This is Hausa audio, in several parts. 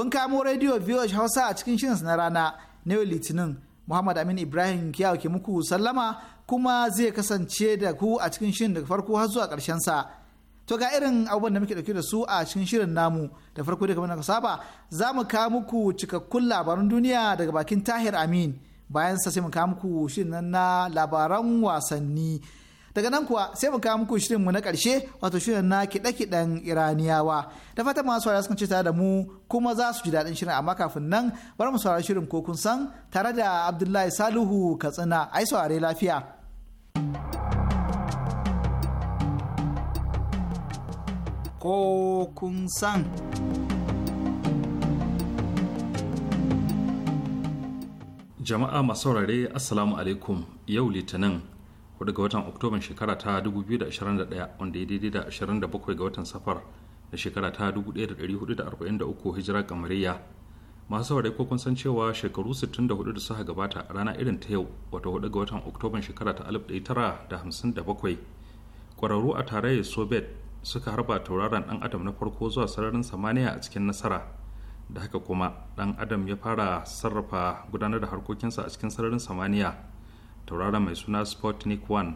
kun kamo rediyo VOH Hausa a cikin shirin na rana na yau Litinin. Muhammad Amin Ibrahim Kiyawa ke muku sallama kuma zai kasance da ku a cikin shirin daga farko har zuwa karshen sa. To ga irin abubuwan da muke dauke da su a cikin shirin namu da farko da kamar saba za mu kawo muku cikakkun labaran duniya daga bakin Tahir Amin bayan sa sai mu kawo muku shirin na labaran wasanni. daga nan kuwa sai mu kawo muku shirin mu na karshe wato shirin na kiɗe-kiɗen iraniyawa da fata masu saurara sun ci tare da mu kuma za su ji daɗin shirin amma kafin nan bar mu saurari shirin ko kun san tare da abdullahi salihu katsina ai saurare lafiya. Ko kun san. Jama'a masu saurare Assalamu alaikum yau Litinin 4 ga watan Oktoba shekara ta 2021 wanda ya daidai da 27 ga watan safar na shekara ta 1443 hijira kamariya masu saurari ko kun san cewa shekaru 64 da suka gabata a rana irin ta yau wata 4 ga watan Oktoba shekara ta 1957 kwararru a tarayyar soviet suka harba tauraron dan adam na farko zuwa sararin samaniya a cikin nasara da haka kuma dan adam ya fara sarrafa gudanar da harkokinsa a cikin sararin samaniya tauraron mai suna sputnik 1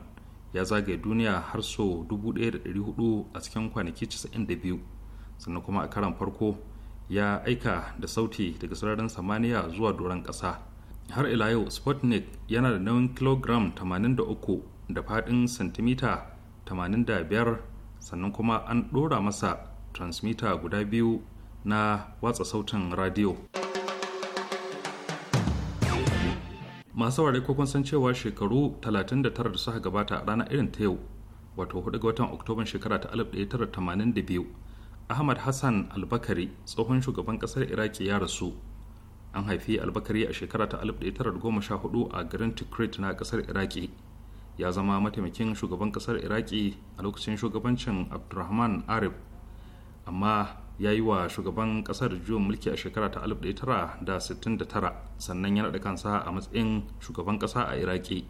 ya zagaye duniya har so 1400 a cikin kwanaki 92 sannan kuma a karan farko ya aika da sauti daga sararin samaniya zuwa doron ƙasa har ila yau sputnik yana da nauyin kilogram 83 da faɗin santimita 85 sannan kuma an ɗora masa transmitter guda biyu na watsa sautin radiyo. masu ware ko kun san cewa shekaru 39 da suka gabata a ranar irin ta yau wato 4 ga watan oktoban shekara ta 1982 ahmad hassan albakari tsohon shugaban kasar iraki ya rasu an haifi albakari a shekara ta 1914 a garin tikrit na kasar iraki ya zama mataimakin shugaban kasar iraki a lokacin shugabancin abdulrahman arif amma ya yi wa shugaban kasar juyin mulki a shekara ta 1969 sannan ya naɗa kansa a matsayin shugaban ƙasa a iraki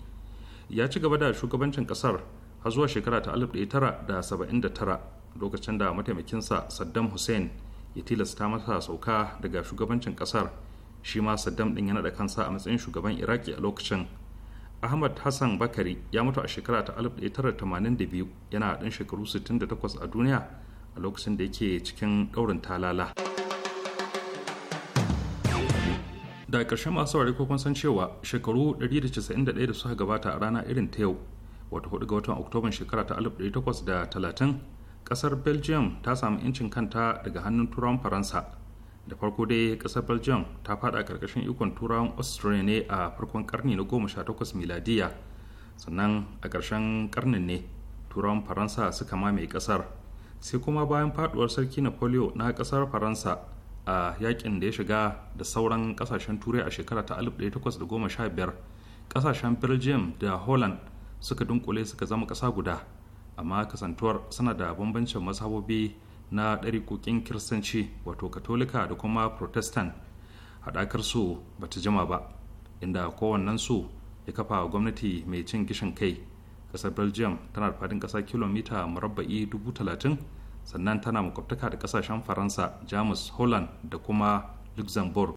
ya ci gaba da shugabancin ƙasar har zuwa shekara ta 1979 lokacin da mataimakinsa saddam hussein ya tilasta masa sauka daga shugabancin ƙasar shi ma saddam ɗin ya naɗa kansa a matsayin shugaban iraki a lokacin ahmad hassan bakari ya mutu a shekara ta 1982 yana ɗan shekaru 68 a duniya a lokacin da yake cikin ɗaurin talala da ƙarshen masu ware kun san cewa shekaru 191 da suka gabata a rana irin ta yau wata hudu ga watan oktoban shekara ta 1830 ƙasar belgium ta samu 'yancin kanta daga hannun turawan faransa da farko dai ƙasar belgium ta fada ƙarƙashin ikon turawan austria ne a farkon karni na 18 miladiya sannan a ƙarshen karnin ne turawan faransa suka mamaye ƙasar sai kuma bayan faduwar sarki napoleon na kasar faransa a yakin da ya shiga da sauran kasashen turai a shekara ta 1815 kasashen belgium da holland suka dunkule suka zama kasa guda amma kasantuwar suna da bambancin masabobi na ɗarikokin kiristanci wato katolika da kuma protestant haɗakar su ba jima ba inda kowannensu ya kafa gwamnati mai cin gishin kai kasar belgium tana da faɗin ƙasa kilomita murabba'i dubu sannan tana makwabtaka da ƙasashen faransa jamus holland da kuma luxembourg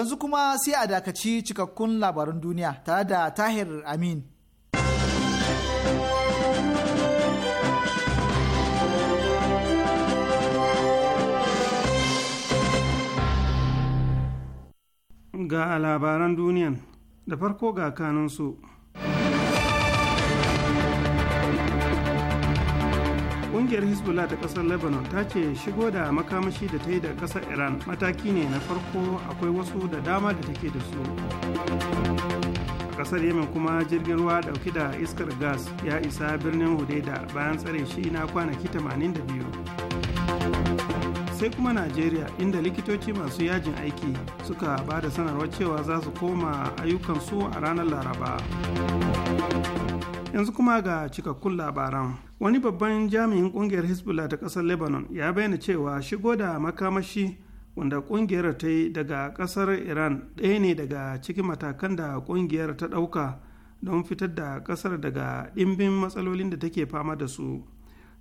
yanzu kuma sai a dakaci cikakkun labarin duniya tare da tahir amin ga labaran duniyan da farko ga su. ƙungiyar hezbollah ta ƙasar lebanon ta ce shigo da makamashi da ta yi da ƙasar iran mataki ne na farko akwai wasu da dama da take da su a kasar yemen kuma jirgin ruwa dauki da iskar gas ya isa birnin hudaida bayan tsare shi na kwanaki 82 sai kuma najeriya inda likitoci masu yajin aiki suka ba da sanarwar cewa za su koma ayyukansu a ranar laraba yanzu kuma ga cikakkun labaran wani babban jami'in kungiyar hezbollah ta kasar lebanon ya bayyana cewa shigo da makamashi wanda kungiyar ta yi daga kasar iran ɗaya ne daga cikin matakan da kungiyar ta ɗauka don fitar da kasar daga ɗimbin matsalolin da take fama da su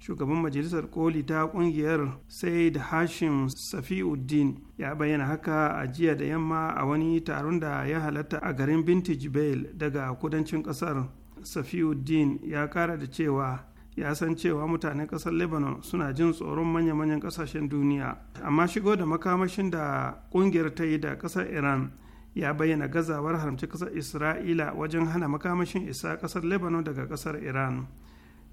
shugaban majalisar koli ta kungiyar said hashim safiuddin ya bayyana haka a jiya da yamma a wani taron da ya halatta a garin bintage bail daga kudancin kasar safiuddin ya kara da cewa ya san cewa mutanen kasar lebanon suna jin tsoron manya-manyan kasashen duniya amma shigo da makamashin da kungiyar ta yi da kasar iran ya bayyana gazawar haramci kasar isra'ila wajen hana makamashin isa kasar lebanon daga kasar iran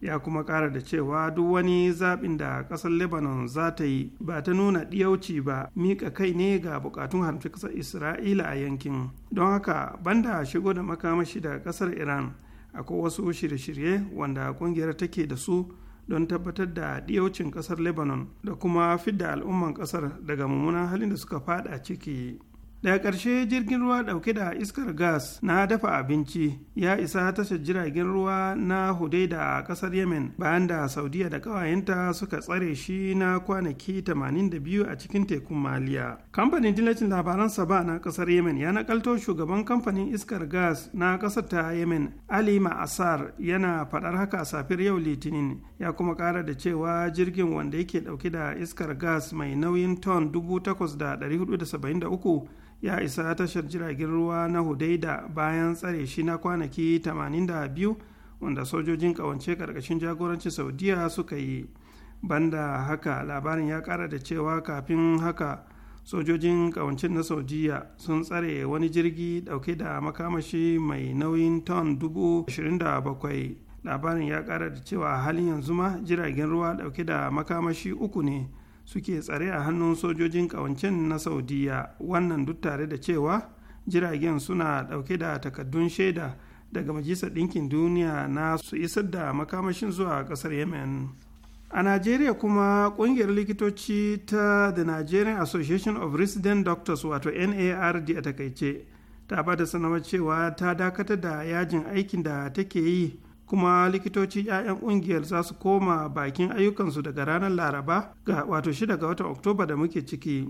ya kuma kara da cewa duk wani zaɓin da ƙasar lebanon za ta yi ba ta nuna ɗiyauci ba miƙa kai ne ga buƙatun haramci ƙasar isra'ila a yankin don haka banda shigo da makamashi daga ƙasar iran akwai wasu shirye-shirye wanda kungiyar take da su don tabbatar da diyaucin kasar lebanon da kuma fidda al'umman kasar daga mummunan halin da suka fada ciki daga ƙarshe jirgin ruwa ɗauke da iskar gas na dafa abinci ya isa tashar jiragen ruwa na hudaida a ƙasar yemen bayan da saudiya da ƙawayenta suka tsare shi na kwanaki 82 a cikin tekun maliya kamfanin dillacin labaran saba na ƙasar yemen ya nakalto shugaban kamfanin iskar gas na ƙasar ta yemen ali ma'asar yana faɗar haka safiyar yau litinin ya kuma ƙara da cewa jirgin wanda yake ɗauke da iskar gas mai nauyin ton 8473 ya isa tashar jiragen ruwa na hudaida bayan tsare shi na kwanaki 82 wanda sojojin kawance karkashin jagorancin saudiya suka yi banda haka labarin ya kara da cewa kafin haka sojojin kawancin na saudiya sun tsare wani jirgi dauke da makamashi mai nauyin ton 27 labarin ya kara da cewa halin yanzu ma jiragen ruwa dauke da makamashi uku ne suke tsare a hannun sojojin ƙawancen na saudiya wannan duk tare da cewa jiragen suna ɗauke da takaddun shaida daga majalisar ɗinkin duniya na su isar da makamashin zuwa ƙasar yemen a najeriya kuma ƙungiyar likitoci ta the nigerian association of resident doctors wato nard a takaice ta ba sanarwar cewa ta dakatar da yajin aikin da take yi kuma likitoci 'ya'yan ƙungiyar za su koma bakin ayyukansu daga ranar laraba ga wato 6 ga watan oktoba da muke ciki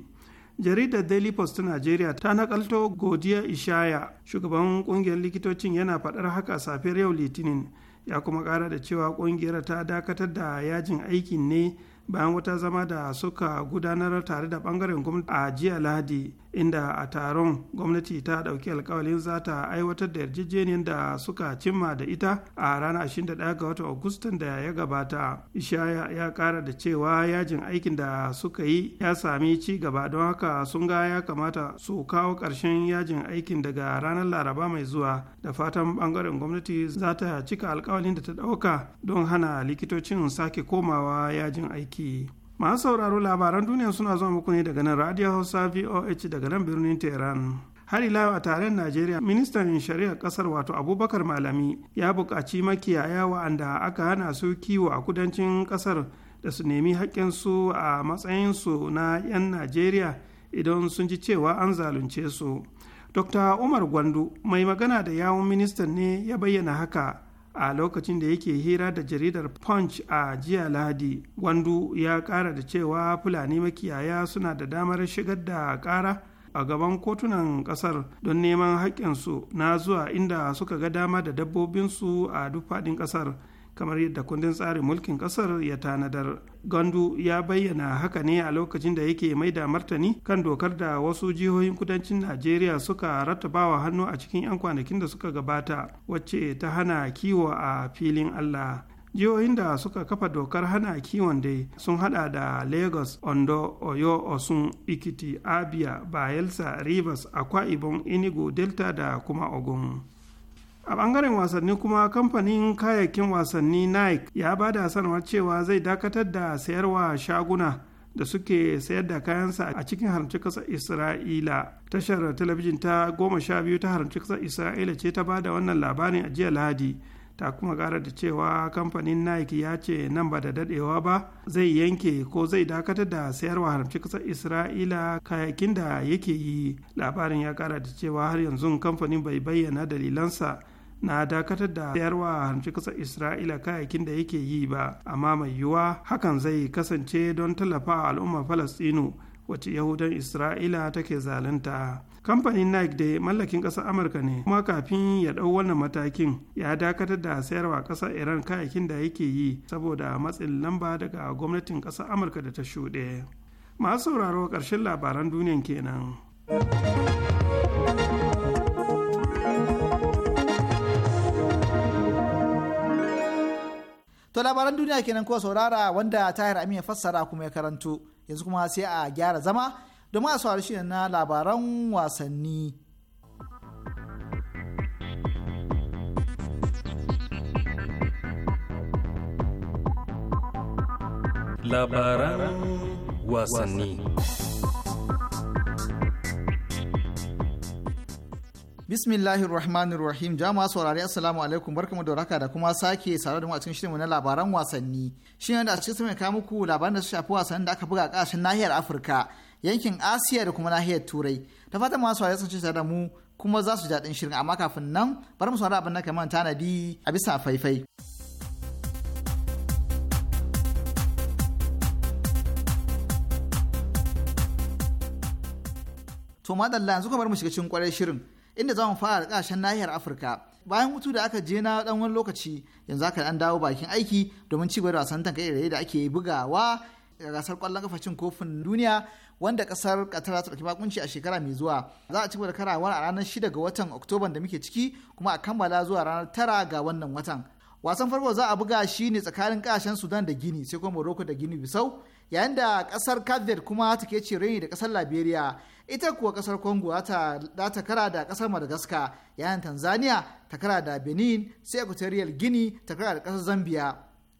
jaridar daily post ta najeriya ta nakalto godiya ishaya shugaban ƙungiyar likitocin yana faɗar haka safiyar yau litinin ya kuma ƙara da cewa ƙungiyar ta dakatar da yajin aikin ne bayan wata zama da suka gudanar tare da bangaren gwamnati a jiya lahadi inda a taron gwamnati ta dauki alkawalin za ta aiwatar da yarjejeniyar da suka cimma da ita a ranar 21 ga watan agustan da ya gabata ishaya ya kara da cewa yajin aikin da suka yi ya sami ci gaba don haka sun ga ya kamata su kawo karshen yajin aikin daga ranar laraba mai zuwa da fatan bangaren gwamnati za ta cika alkawalin da ta dauka don hana likitocin sake komawa yajin aiki aiki masu sauraro labaran duniya suna zuwa muku ne daga nan radio hausa voh daga nan birnin tehran har ila a taron najeriya ministan shari'a kasar wato abubakar malami ya buƙaci makiyaya wa'anda aka hana su kiwo a kudancin kasar da su nemi haƙƙinsu a matsayinsu na 'yan najeriya idan sun ji cewa an zalunce su dr umar gwandu mai magana da yawun ministan ne ya bayyana haka a lokacin da yake hira da jaridar punch a jiya lahadi gwandu ya kara da cewa fulani makiyaya suna da damar shigar da kara a gaban kotunan kasar don neman haƙƙinsu na zuwa inda suka ga dama da dabbobinsu a duk faɗin ƙasar kamar yadda kundin tsarin mulkin kasar ya tanadar gandu ya bayyana haka ne a lokacin da yake mai da martani kan dokar da wasu jihohin kudancin najeriya suka rattabawa hannu a cikin 'yan kwanakin da suka gabata wacce ta hana kiwo a filin allah jihohin da suka kafa dokar hana kiwon dai sun hada da lagos ondo oyo osun ikiti abia bayelsa rivers akwa ibom inigo delta da kuma ogun a bangaren wasanni kuma kamfanin kayayyakin wasanni nike ya ba da sanarwar cewa zai dakatar da sayarwa shaguna da suke sayar da kayansa a cikin haramci kasar isra'ila tashar talabijin ta goma sha biyu ta haramci kasar isra'ila ce ta ba da wannan labarin a jiya lahadi ta kuma kara da cewa kamfanin nike ya ce nan ba da dadewa ba zai yanke ko zai dakatar da sayarwa haramci kasar isra'ila kayakin da yake yi labarin ya kara da cewa har yanzu kamfanin bai bayyana dalilansa na dakatar da sayarwa hanci kasar isra'ila kayakin da yake yi ba amma mai yiwuwa hakan zai kasance don tallafa al'ummar falastinu wacce yahudan isra'ila take zalunta kamfanin nike da mallakin ƙasar amurka ne kuma kafin ya ɗau wannan matakin ya dakatar da sayarwa ƙasar iran kayakin da yake yi saboda matsin lamba daga gwamnatin ƙasar amurka da ta shuɗe masu sauraro ƙarshen labaran duniyan kenan. To labaran duniya kenan kuwa saurara wanda Tahir Amin ya fassara kuma ya karanto. Yanzu kuma sai a gyara zama domin a saurari shine na labaran wasanni. Labaran wasanni. Bismillahir Rahmanir Rahim. Jama'a saurari Assalamu alaikum barkamu da raka da kuma sake saurare da mu a cikin shirinmu na labaran wasanni. Shin yanda a cikin mai kawo muku labaran da su shafi wasannin da aka buga a kasashen nahiyar Afirka, yankin Asiya da kuma nahiyar Turai. Ta fatan masu saurari sun ci tare da mu kuma za su ji shirin amma kafin nan bari mu saurari abin da kamar tanadi a bisa faifai. To madalla yanzu kamar mu shiga cikin kwarai shirin inda za mu fara kasashen nahiyar afirka bayan mutu da aka je na dan wani lokaci yanzu aka an dawo bakin aiki domin cigaba da wasan tanka iri da ake bugawa a gasar kwallon kafa cin kofin duniya wanda kasar Qatar ta dauki bakunci a shekara mai zuwa za a cigaba da karawar a ranar 6 ga watan Oktoban da muke ciki kuma a kammala zuwa ranar 9 ga wannan watan wasan farko za a buga shi ne tsakanin kasashen Sudan da Gini sai kuma Morocco da Gini Bisau yayin da kasar Kadir kuma ta ke cireni da kasar Liberia ita kuwa kasar Congo za ta kara da kasar Madagascar yayin Tanzania ta kara da Benin sai Equatorial gini ta kara da kasar Zambia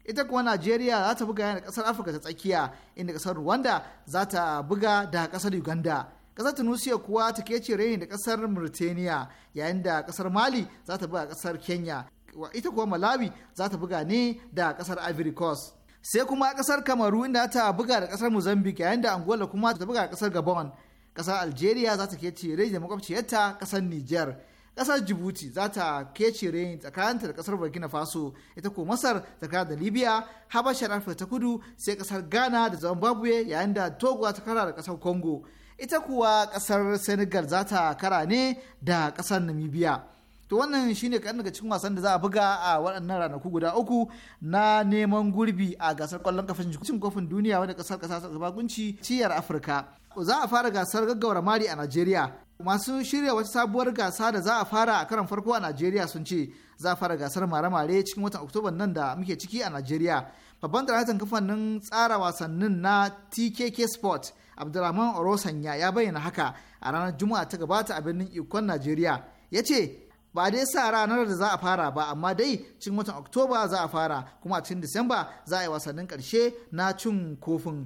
ita kuwa Najeriya za ta buga yana da kasar Afirka ta tsakiya inda kasar Rwanda za ta buga da kasar Uganda kasar tunisia kuwa ta ke reni da kasar mauritania yayin da kasar mali za ta buga kasar kenya ita kuwa malawi za ta buga ne da kasar ivory coast sai kuma kasar kamaru inda ta buga da kasar mozambique yayin da angola kuma ta buga da kasar gabon kasar algeria za ta ke cire da makwabciyarta kasar niger kasar djibouti za ta cire rai tsakaninta da kasar burkina faso ita ko masar ta da libya habashar afirka ta kudu sai kasar ghana da zimbabwe yayin da togo ta kara da kasar congo ita kuwa kasar senegal za ta kara ne da kasar namibia to wannan shine kaɗan daga cikin wasan da za a buga a waɗannan ranaku guda uku na neman gurbi a gasar ƙwallon kafin cin kofin duniya wanda ƙasar ƙasa gabagunci ciyar afirka za a fara gasar gaggawar mari a najeriya masu shirya wata sabuwar gasa da za a fara a karon farko a najeriya sun ce za a fara gasar mare-mare cikin watan oktoba nan da muke ciki a najeriya babban daraktan kafanin tsara wasannin na tkk sport abdulrahman orosanya ya bayyana haka a ranar juma'a ta gabata a birnin ikon najeriya ya ce ba dai sa ranar da za a fara ba amma dai cin watan oktoba za a fara kuma a cikin disamba za a yi wasannin karshe na cin kofin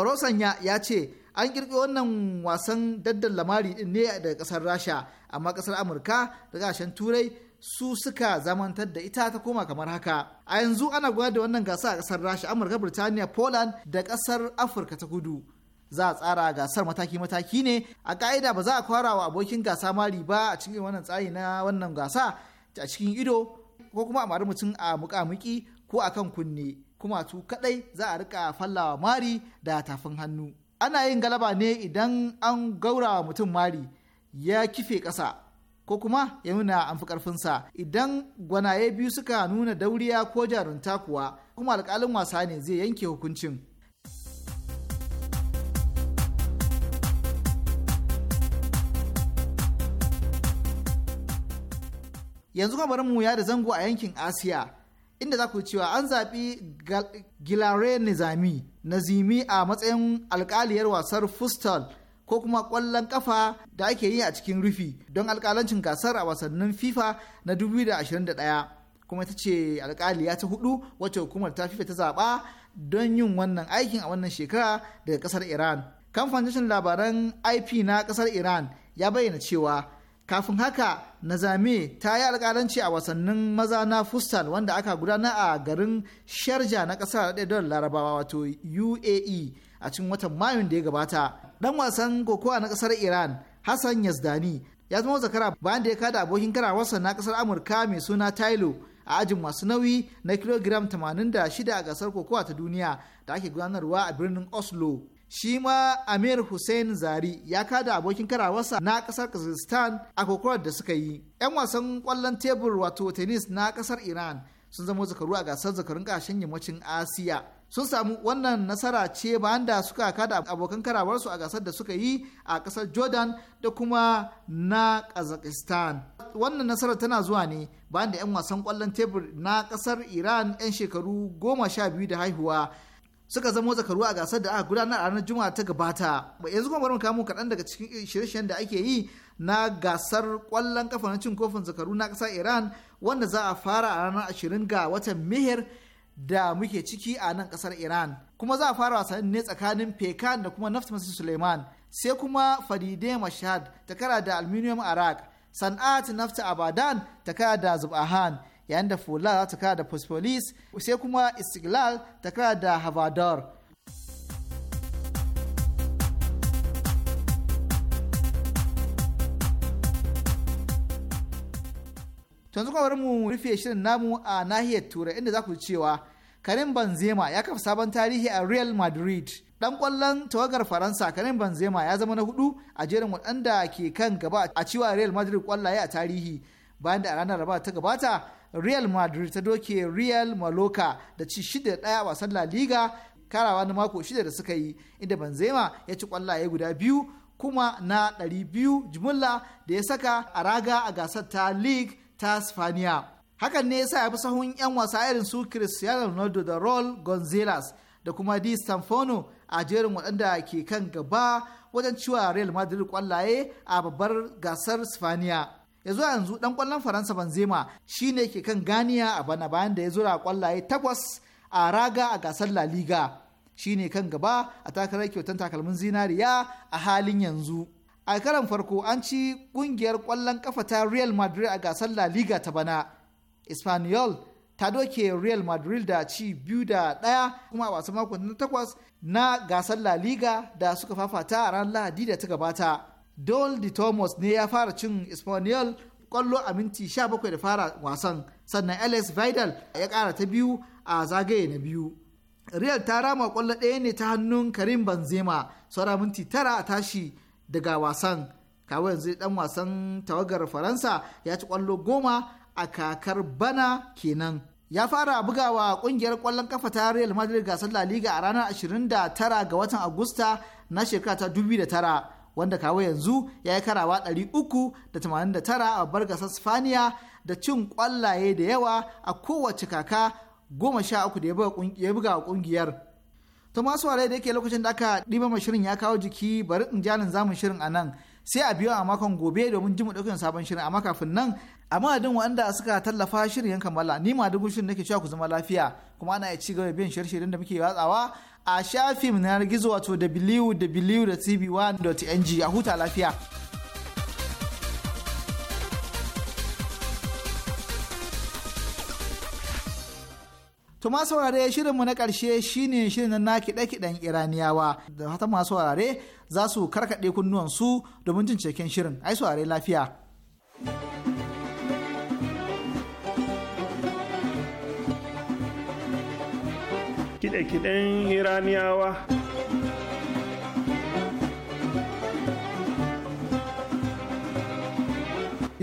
orosanya ya ce an kirkiro wannan wasan daddan lamari din ne daga kasar rasha amma kasar amurka da gashen turai su suka zamantar da ita ta koma kamar haka a yanzu ana gwada wannan gasa a kasar rasha amurka birtaniya poland da kasar afirka ta kudu za a tsara gasar mataki-mataki ne a ka'ida ba za a kwara wa abokin gasa mari ba a cikin wannan tsari na wannan gasa a cikin ido ko kuma a mari mutum a muƙamuƙi ko a kan kunne kuma tu kaɗai za a rika fallawa mari da tafin hannu ana yin galaba ne idan an gaurawa mutum mari ya kife ƙasa ko kuma ya nuna an fi ƙarfinsa idan gwanaye biyu suka nuna dauriya ko jarunta kuwa kuma alƙalin wasa ne zai yanke hukuncin yanzu kuma mu ya da zango a yankin asiya inda za ku cewa an zaɓi gilare nizami nazimi a matsayin alkaliyar wasar fustal ko kuma ƙwallon kafa da ake yi a cikin rufi don alkalancin gasar a wasannin fifa na 2021 kuma ita ce alkaliya ta hudu wacce hukumar ta fifa ta zaɓa don yin wannan aikin a wannan shekara daga ƙasar iran kamfanin labaran ip na ƙasar iran ya bayyana cewa kafin haka nazami ta yi alkalanci a wasannin maza na fustal wanda aka gudana a garin sharja na kasar don larabawa wato uae a cikin watan mayun da ya gabata dan wasan kokowa na kasar iran hassan yazdani ya zama zakara bayan da ya kada abokin kara karawarsa na kasar amurka mai suna tailo a ajin masu nauyi na kilogiram 86 a gasar kokowa ta duniya da ake gudanarwa a birnin oslo shi ma amir hussein zari ya kada abokin karawarsa na kasar kazakhstan a kokorar da suka yi yan wasan kwallon tebur wato tennis na kasar iran sun zama zakaru a gasar zakarun kashin yammacin asiya sun samu wannan nasara ce bayan da suka kada abokan karawarsu a gasar da suka yi a kasar jordan da kuma na kazakhstan wannan nasarar tana zuwa ne bayan da 'yan wasan kwallon tebur na kasar iran 'yan shekaru goma sha biyu da haihuwa suka zamo zakaru a gasar da aka gudanar a ranar juma'a ta gabata yanzu kuma bari mu kamo kaɗan daga cikin shirye-shiryen da ake yi na gasar ƙwallon kafa na cin kofin zakaru na ƙasar iran wanda za a fara a ranar ashirin ga watan mihir da muke ciki a nan ƙasar iran kuma za a fara wasannin ne tsakanin pekan da kuma nafta masu suleiman sai kuma fadide mashad takara da aluminium arak san'at nafta abadan takara da zubahan yayin da fula za ta kara da Persepolis sai kuma Istiklal ta kara da Havadar. yanzu mu rufe shirin namu a nahiyar turai inda za ku cewa karim banzema ya kafa sabon tarihi a real madrid dan kwallon tawagar faransa karim banzema ya zama na hudu a jerin waɗanda ke kan gaba a cewa real madrid kwallaye a tarihi bayan da a ranar raba ta gabata real madrid ta doke real maloka da ci shida daya wasan la liga karawa na mako shida da suka yi inda banzema ya ci kwallaye guda biyu kuma na 200 jimilla da ya saka a raga a gasar ta league ta spaniya hakan ne sa ya fi sahun 'yan wasa irin su cristiano ronaldo da raul gonzalez da kuma di stamfano a jerin waɗanda ke kan gaba wajen ciwa real madrid kwallaye a babbar gasar spaniya ya zo yanzu dan kwallon faransa banzema shine ke kan ganiya a bana bayan da ya zura kwallaye takwas a raga a gasar la liga shine kan gaba a takarar kyautar takalmin zinariya a halin yanzu a karan farko an ci kungiyar kwallon kafa ta real madrid a gasar la liga ta bana espanyol ta doke real madrid da ci biyu da ɗaya kuma a wasa makon na takwas na gasar la liga da suka fafata a ranar lahadi da ta gabata Dole Thomas ne ya fara cin Espanyol kwallo a minti 17 da fara wasan sannan Alex Vidal ya kara ta biyu a zagaye na biyu. Real ta rama kwallo ɗaya ne ta hannun Karim Benzema saura minti tara a tashi daga wasan. kawai yanzu dan wasan tawagar Faransa ya ci kwallo goma a kakar bana kenan. Ya fara bugawa kungiyar kwallon kafa ta Real Madrid gasar La Liga a ranar 29 ga watan Agusta na shekara ta 2009. wanda kawo yanzu ya yi karawa 389 a babbar gasar sifaniya da cin kwallaye da yawa a kowace kaka goma sha uku da ya buga a kungiyar. Thomas da yake lokacin da aka ɗiba shirin ya kawo jiki bari in jalin zamun shirin a nan. sai a biyo a makon gobe domin jin daukan sabon shirin amma kafin nan a madadin waɗanda suka tallafa shirin kammala ni ma dubu shirin nake cewa ku zama lafiya kuma ana iya ci gaba biyan shirye-shiryen da muke watsawa a shafin na gizo wato www.tv1.ng a huta lafiya. To ma saurare shirinmu na ƙarshe shine shirin na kiɗe-kiɗen Iraniyawa da hata masu saurare za su karkaɗe kunnuwansu domin jin cikin shirin. Ai saurare lafiya. Kiɗe-kiɗen Iraniyawa.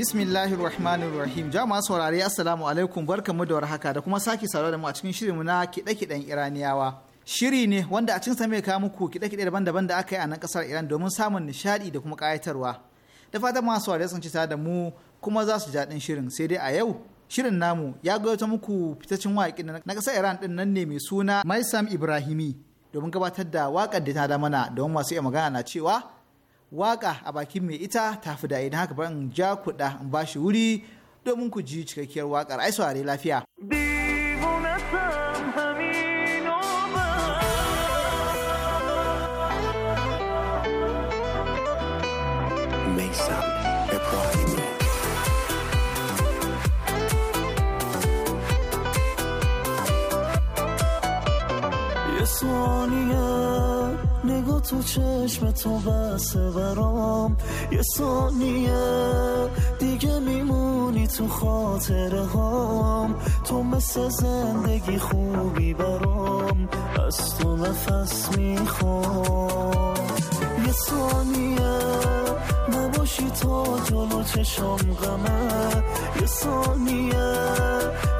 Bismillahir Rahmanir Rahim. Jama'a saurari Assalamu alaikum mu da warhaka da kuma sake saurare da mu a cikin shirinmu na kiɗe-kiɗen Iraniyawa. Shiri ne wanda a cikin sa mai kawo muku kiɗe-kiɗe daban-daban da aka yi a nan kasar Iran domin samun nishaɗi da kuma ƙayatarwa. Da fatan masu saurari sun ci da mu kuma za su ji shirin sai dai a yau shirin namu ya ta muku fitaccen waƙin na ƙasar Iran ɗin nan ne mai suna Maisam Ibrahimi domin gabatar da waƙar da ta da mana domin masu iya magana na cewa waka a bakin mai ita ta fi daɗi haka ban ja kuɗa in bashi wuri domin ku ji cikakkiyar wakar ai saurare lafiya. چشم تو بسه برام یه ثانیه دیگه میمونی تو خاطره هام تو مثل زندگی خوبی برام از تو نفس میخوام یه ثانیه نباشی تو جلو چشم غمه یه ثانیه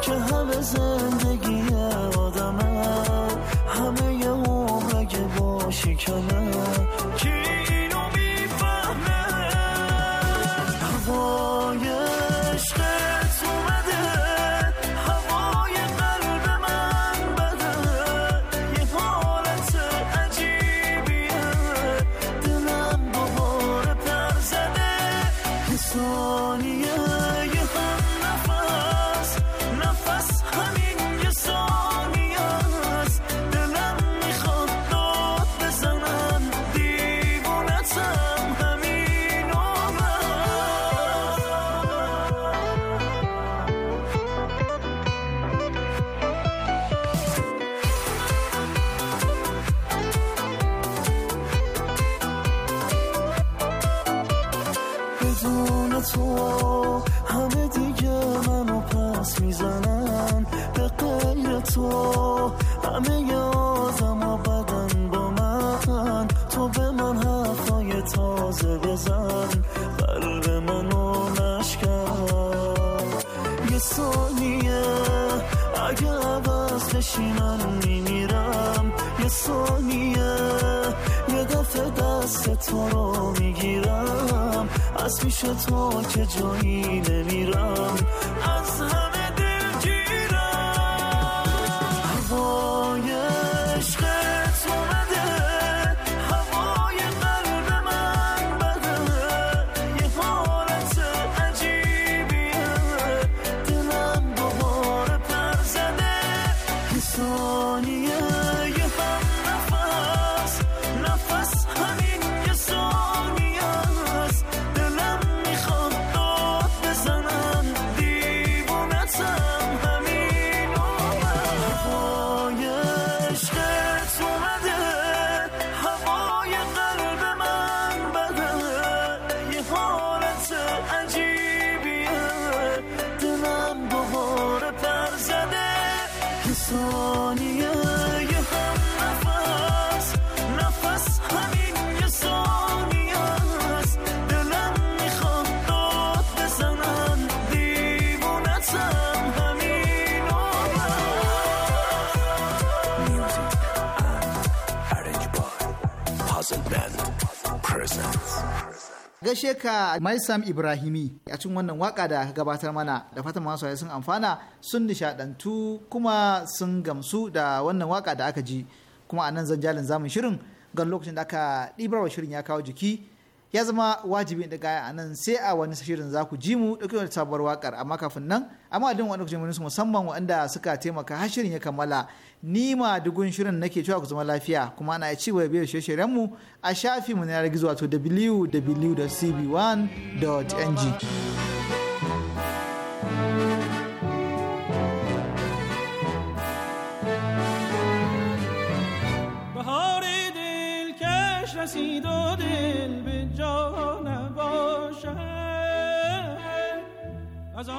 که همه زندگی آدمه همه یه عمر اگه باشی کنه من میمیرم یه ثانیه یه دفعه دست تو رو میگیرم از میشه تو که جایی نمیرم gaishe ka Maisam Ibrahimi a cikin wannan waka da gabatar mana da fatan masu sun amfana sun nishadantu kuma sun gamsu da wannan waka da aka ji kuma a nan zan jalin zamun shirin gan lokacin da aka ɗibarwa shirin ya kawo jiki ya zama wajibi da gaya a nan sai a wani shirin za ku ji mu dauke wani sabuwar wakar amma kafin nan amma din wani kujemin su musamman waɗanda suka taimaka har shirin ya kammala ni ma dugun shirin nake cewa ku zama lafiya kuma ana ci gaba biyar shirye mu a shafi mu na yar gizo wato www.cb1.ng. رسید و از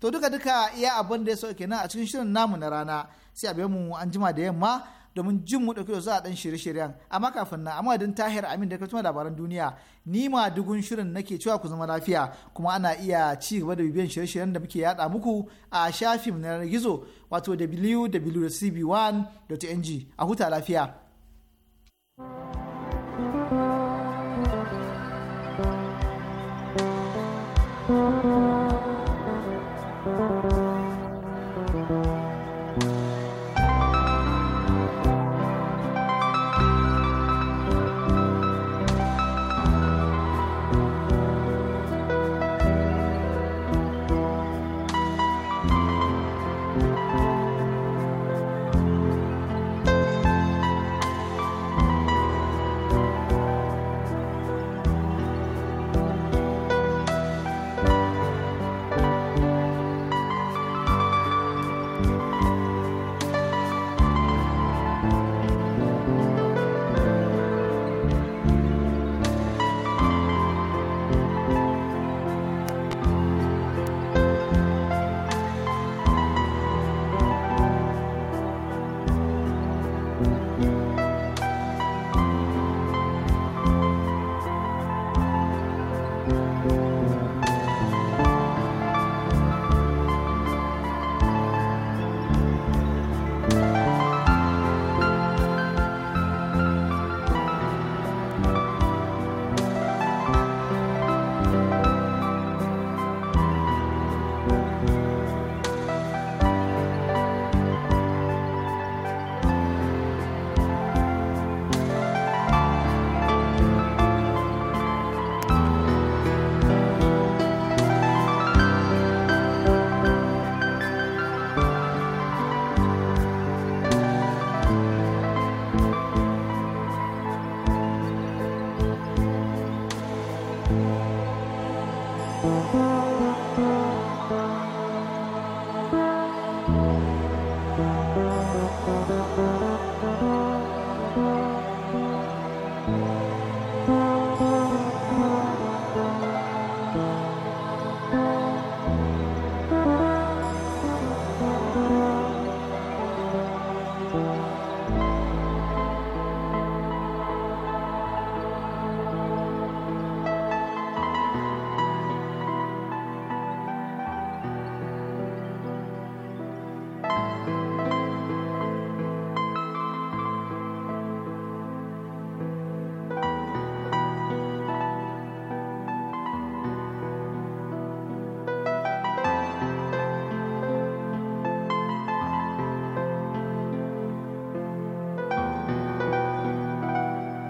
to duka duka iya abin da ya sauke kenan a cikin shirin namu na rana sai a mu an jima da yamma domin jin mu dauke zuwa dan shirye-shiryen amma kafin na amma din tahir amin da kuma labaran duniya ni ma dugun shirin nake cewa ku zama lafiya kuma ana iya ci gaba da bibiyan shirye-shiryen da muke yada muku a shafin na gizo wato www.cb1.ng a huta lafiya Música